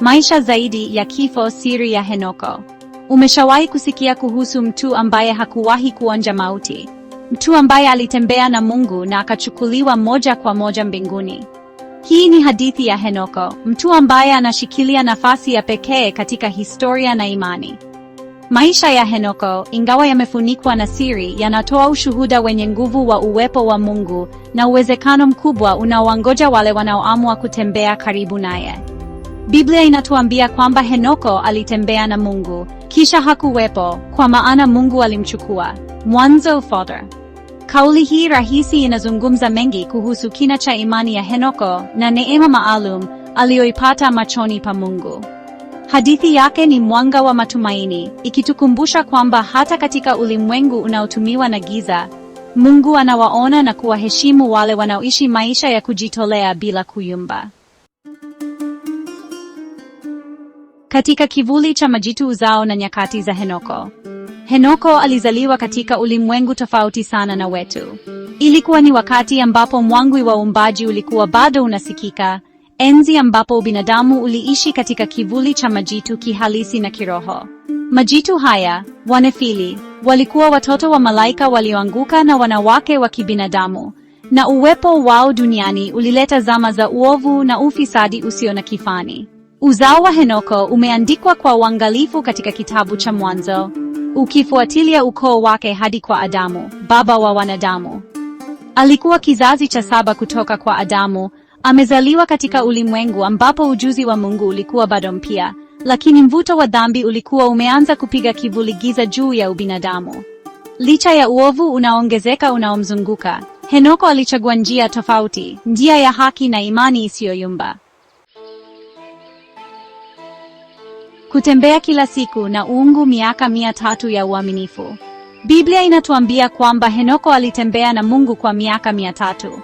Maisha zaidi ya kifo, siri ya Henoko. Umeshawahi kusikia kuhusu mtu ambaye hakuwahi kuonja mauti, mtu ambaye alitembea na Mungu na akachukuliwa moja kwa moja mbinguni? Hii ni hadithi ya Henoko, mtu ambaye anashikilia nafasi ya pekee katika historia na imani. Maisha ya Henoko, ingawa yamefunikwa na siri, yanatoa ushuhuda wenye nguvu wa uwepo wa Mungu na uwezekano mkubwa unaowangoja wale wanaoamua kutembea karibu naye. Biblia inatuambia kwamba Henoko alitembea na Mungu, kisha hakuwepo, kwa maana Mungu alimchukua. Mwanzo Father. Kauli hii rahisi inazungumza mengi kuhusu kina cha imani ya Henoko na neema maalum aliyoipata machoni pa Mungu. Hadithi yake ni mwanga wa matumaini, ikitukumbusha kwamba hata katika ulimwengu unaotumiwa na giza, Mungu anawaona na kuwaheshimu wale wanaoishi maisha ya kujitolea bila kuyumba. katika kivuli cha majitu zao na nyakati za Henoko. Henoko alizaliwa katika ulimwengu tofauti sana na wetu. Ilikuwa ni wakati ambapo mwangwi wa uumbaji ulikuwa bado unasikika, enzi ambapo ubinadamu uliishi katika kivuli cha majitu kihalisi na kiroho. Majitu haya, wanefili, walikuwa watoto wa malaika walioanguka na wanawake wa kibinadamu, na uwepo wao duniani ulileta zama za uovu na ufisadi usio na kifani. Uzao wa Henoko umeandikwa kwa uangalifu katika kitabu cha Mwanzo, ukifuatilia ukoo wake hadi kwa Adamu, baba wa wanadamu. Alikuwa kizazi cha saba kutoka kwa Adamu, amezaliwa katika ulimwengu ambapo ujuzi wa Mungu ulikuwa bado mpya, lakini mvuto wa dhambi ulikuwa umeanza kupiga kivuli giza juu ya ubinadamu. Licha ya uovu unaongezeka unaomzunguka, Henoko alichagua njia tofauti, njia ya haki na imani isiyoyumba. Kutembea kila siku na uungu miaka mia tatu ya uaminifu. Biblia inatuambia kwamba Henoko alitembea na Mungu kwa miaka mia tatu.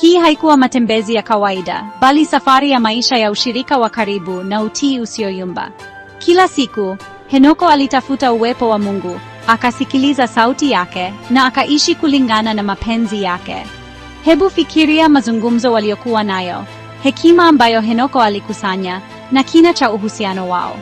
Hii haikuwa matembezi ya kawaida, bali safari ya maisha ya ushirika wa karibu na utii usioyumba. Kila siku, Henoko alitafuta uwepo wa Mungu, akasikiliza sauti yake na akaishi kulingana na mapenzi yake. Hebu fikiria mazungumzo waliokuwa nayo, hekima ambayo Henoko alikusanya na kina cha uhusiano wao.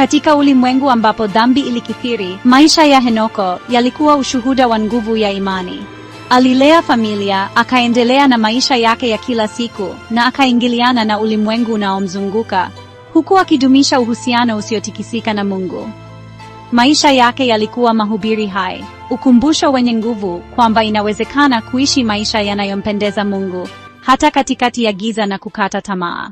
Katika ulimwengu ambapo dhambi ilikithiri, maisha ya Henoko yalikuwa ushuhuda wa nguvu ya imani. Alilea familia, akaendelea na maisha yake ya kila siku na akaingiliana na ulimwengu unaomzunguka huku akidumisha uhusiano usiotikisika na Mungu. Maisha yake yalikuwa mahubiri hai, ukumbusho wenye nguvu kwamba inawezekana kuishi maisha yanayompendeza Mungu hata katikati ya giza na kukata tamaa.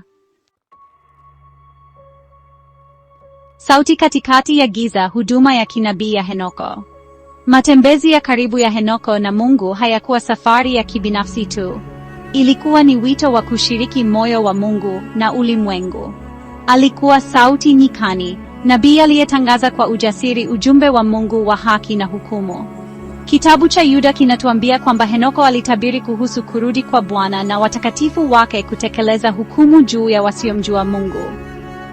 Sauti katikati ya giza, huduma ya kinabii ya Henoko. Matembezi ya karibu ya Henoko na Mungu hayakuwa safari ya kibinafsi tu. Ilikuwa ni wito wa kushiriki moyo wa Mungu na ulimwengu. Alikuwa sauti nyikani, nabii aliyetangaza kwa ujasiri ujumbe wa Mungu wa haki na hukumu. Kitabu cha Yuda kinatuambia kwamba Henoko alitabiri kuhusu kurudi kwa Bwana na watakatifu wake kutekeleza hukumu juu ya wasiomjua Mungu.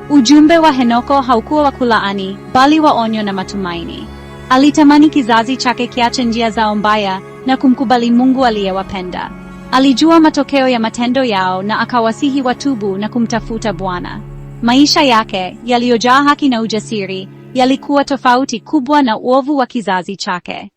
Ujumbe wa Henoko haukuwa wa kulaani, bali wa onyo na matumaini. Alitamani kizazi chake kiache njia zao mbaya na kumkubali Mungu aliyewapenda. Alijua matokeo ya matendo yao na akawasihi watubu na kumtafuta Bwana. Maisha yake yaliyojaa haki na ujasiri yalikuwa tofauti kubwa na uovu wa kizazi chake.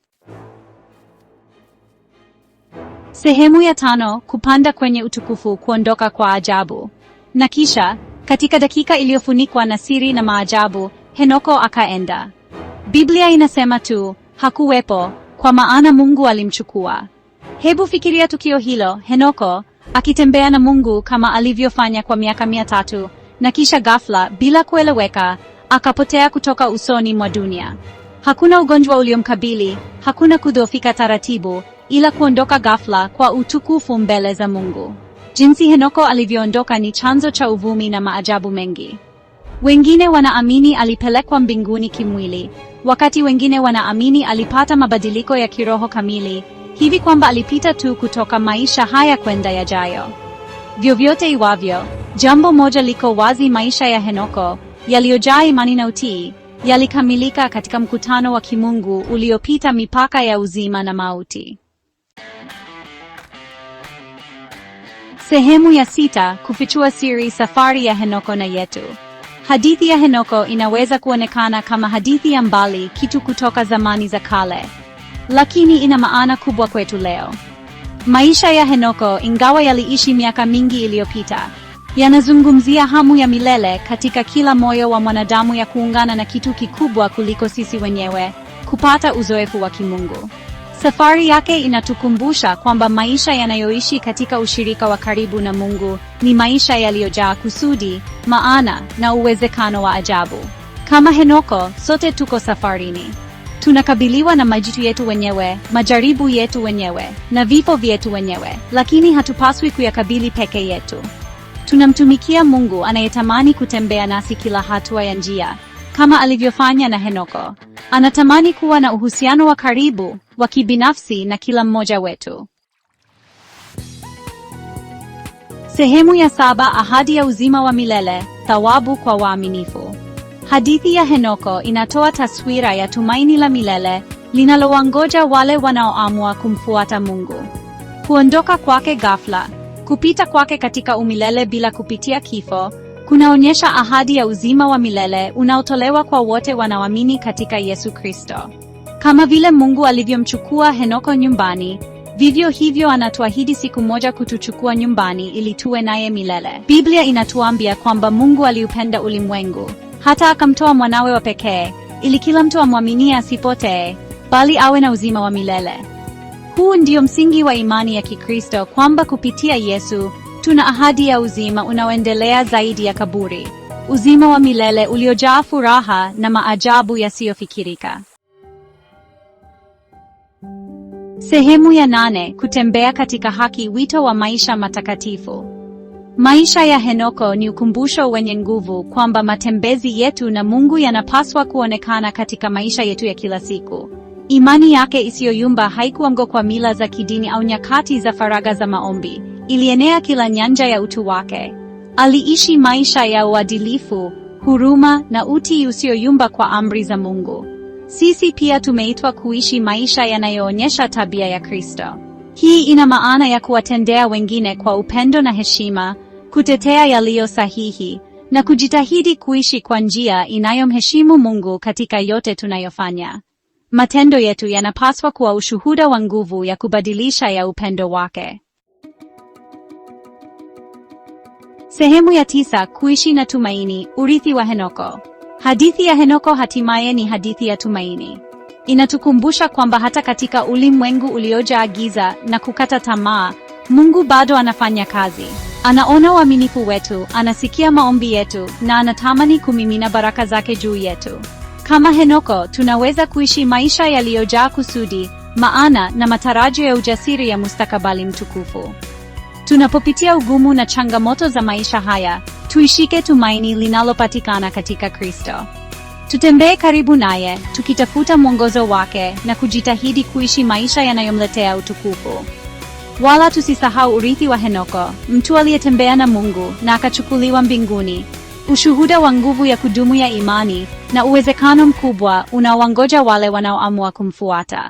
Sehemu ya tano: kupanda kwenye utukufu, kuondoka kwa ajabu. Na kisha katika dakika iliyofunikwa na siri na maajabu, Henoko akaenda. Biblia inasema tu, hakuwepo, kwa maana Mungu alimchukua. Hebu fikiria tukio hilo, Henoko akitembea na Mungu kama alivyofanya kwa miaka mia tatu na kisha ghafla, bila kueleweka, akapotea kutoka usoni mwa dunia. Hakuna ugonjwa uliomkabili, hakuna kudhoofika taratibu, ila kuondoka ghafla kwa utukufu mbele za Mungu. Jinsi Henoko alivyoondoka ni chanzo cha uvumi na maajabu mengi. Wengine wanaamini alipelekwa mbinguni kimwili, wakati wengine wanaamini alipata mabadiliko ya kiroho kamili, hivi kwamba alipita tu kutoka maisha haya kwenda yajayo. Vyovyote iwavyo, jambo moja liko wazi: maisha ya Henoko yaliyojaa imani na utii yalikamilika katika mkutano wa kimungu uliopita mipaka ya uzima na mauti. Sehemu ya sita: kufichua siri, safari ya Henoko na Yetu. Hadithi ya Henoko inaweza kuonekana kama hadithi ya mbali, kitu kutoka zamani za kale, lakini ina maana kubwa kwetu leo. Maisha ya Henoko, ingawa yaliishi miaka mingi iliyopita, yanazungumzia hamu ya milele katika kila moyo wa mwanadamu ya kuungana na kitu kikubwa kuliko sisi wenyewe, kupata uzoefu wa kimungu. Safari yake inatukumbusha kwamba maisha yanayoishi katika ushirika wa karibu na Mungu ni maisha yaliyojaa kusudi, maana na uwezekano wa ajabu. Kama Henoko, sote tuko safarini. Tunakabiliwa na majitu yetu wenyewe, majaribu yetu wenyewe, na vifo vyetu wenyewe, lakini hatupaswi kuyakabili peke yetu. Tunamtumikia Mungu anayetamani kutembea nasi kila hatua ya njia, kama alivyofanya na Henoko. Anatamani kuwa na uhusiano wa karibu wa kibinafsi na kila mmoja wetu. Sehemu ya saba: ahadi ya uzima wa milele, thawabu kwa waaminifu. Hadithi ya Henoko inatoa taswira ya tumaini la milele linalowangoja wale wanaoamua kumfuata Mungu. Kuondoka kwake ghafla, kupita kwake katika umilele bila kupitia kifo, kunaonyesha ahadi ya uzima wa milele unaotolewa kwa wote wanaoamini katika Yesu Kristo. Kama vile Mungu alivyomchukua Henoko nyumbani, vivyo hivyo anatuahidi siku moja kutuchukua nyumbani ili tuwe naye milele. Biblia inatuambia kwamba Mungu aliupenda ulimwengu hata akamtoa mwanawe wa pekee ili kila mtu amwaminie asipotee, bali awe na uzima wa milele. Huu ndio msingi wa imani ya Kikristo kwamba kupitia Yesu tuna ahadi ya uzima unaoendelea zaidi ya kaburi, uzima wa milele uliojaa furaha na maajabu yasiyofikirika. Sehemu ya nane: kutembea katika haki, wito wa maisha matakatifu. Maisha ya Henoko ni ukumbusho wenye nguvu kwamba matembezi yetu na Mungu yanapaswa kuonekana katika maisha yetu ya kila siku. Imani yake isiyoyumba haikuamgo kwa mila za kidini au nyakati za faraga za maombi, ilienea kila nyanja ya utu wake. Aliishi maisha ya uadilifu, huruma na utii usiyoyumba kwa amri za Mungu. Sisi pia tumeitwa kuishi maisha yanayoonyesha tabia ya Kristo. Hii ina maana ya kuwatendea wengine kwa upendo na heshima, kutetea yaliyo sahihi na kujitahidi kuishi kwa njia inayomheshimu Mungu katika yote tunayofanya. Matendo yetu yanapaswa kuwa ushuhuda wa nguvu ya kubadilisha ya upendo wake. Sehemu ya tisa: kuishi na tumaini, urithi wa Henoko. Hadithi ya Henoko hatimaye ni hadithi ya tumaini. Inatukumbusha kwamba hata katika ulimwengu uliojaa giza na kukata tamaa, Mungu bado anafanya kazi. Anaona uaminifu wetu, anasikia maombi yetu na anatamani kumimina baraka zake juu yetu. Kama Henoko, tunaweza kuishi maisha yaliyojaa kusudi, maana na matarajio ya ujasiri ya mustakabali mtukufu. Tunapopitia ugumu na changamoto za maisha haya, Tuishike tumaini linalopatikana katika Kristo. Tutembee karibu naye, tukitafuta mwongozo wake na kujitahidi kuishi maisha yanayomletea utukufu. Wala tusisahau urithi wa Henoko, mtu aliyetembea na Mungu na akachukuliwa mbinguni, ushuhuda wa nguvu ya kudumu ya imani na uwezekano mkubwa unaowangoja wale wanaoamua kumfuata.